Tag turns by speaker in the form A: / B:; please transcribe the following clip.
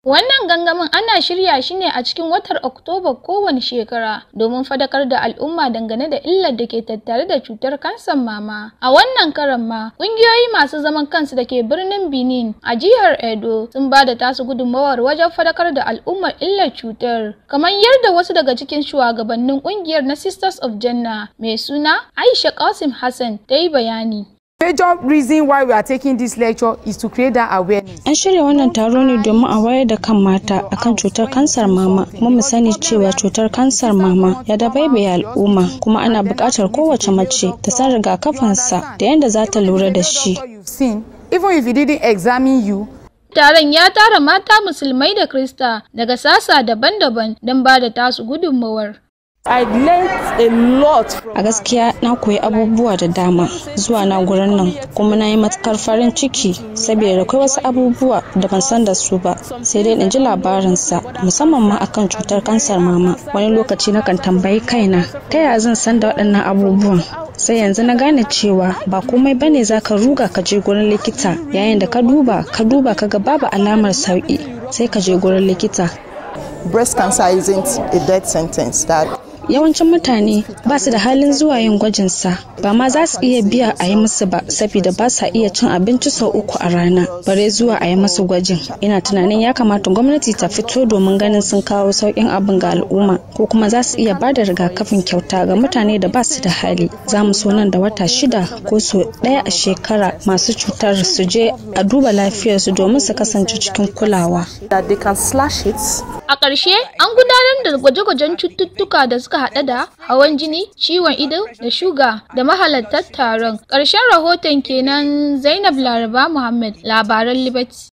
A: Wannan gangamin ana shirya shi ne a cikin watar Oktoba kowane shekara domin fadakar da al'umma dangane da illar da ke tattare da cutar kansar mama. A wannan karan ma, ƙungiyoyi masu zaman kansu da ke birnin Benin a jihar Edo sun ba da tasu gudunmawar wajen fadakar da al'ummar illar cutar. Kamar yadda wasu daga cikin shugabannin ƙungiyar na Sisters of Janna mai suna Aisha kasim Hassan ta yi bayani. Major reason why we are taking this lecture is to create that awareness.
B: An shirya wannan taro ne domin a wayar da kan mata akan cutar kansar mama, kuma mu sani cewa cutar kansar mama ya da baibaye al'umma kuma ana buƙatar kowace mace ta san sa da yadda za ta lura da shi. Even if you didn't examine you,
A: Taron ya tara mata musulmai da Krista daga sasa daban-daban don ba da tasu gudunmawar.
B: A gaskiya na koyi abubuwa da dama zuwa na gurin nan kuma na yi matukar farin ciki saboda akwai wasu abubuwa da ban san da su ba sai dai in ji labarinsa musamman ma akan cutar kansar mama wani lokaci na kan tambayi kaina ta ya zan san da waɗannan abubuwan sai yanzu na gane cewa ba komai bane zaka ruga ka je gurin likita yayin da ka duba ka duba ka ga babu alamar sauki sai ka je gurin likita breast cancer isn't a death sentence that yawancin mutane ba su da halin zuwa yin gwajin sa ba ma za su iya biya a yi musu ba saboda ba sa iya cin abinci sau uku a rana bare zuwa a yi musu gwajin ina tunanin ya kamata gwamnati ta fito domin ganin sun kawo sauƙin abin ga al'umma ko kuma za su iya bada rigakafin kyauta ga mutane da ba su da hali za mu so nan da wata shida ko so ɗaya a shekara masu cutar su je a duba lafiyarsu domin su kasance cikin kulawa
A: a ƙarshe an gudanar da gwaje-gwajen cututtuka da suka haɗa da hawan jini, ciwon ido da shuga da mahalartar taron. Ƙarshen rahoton kenan Zainab Laraba Muhammad, labaran Liberty.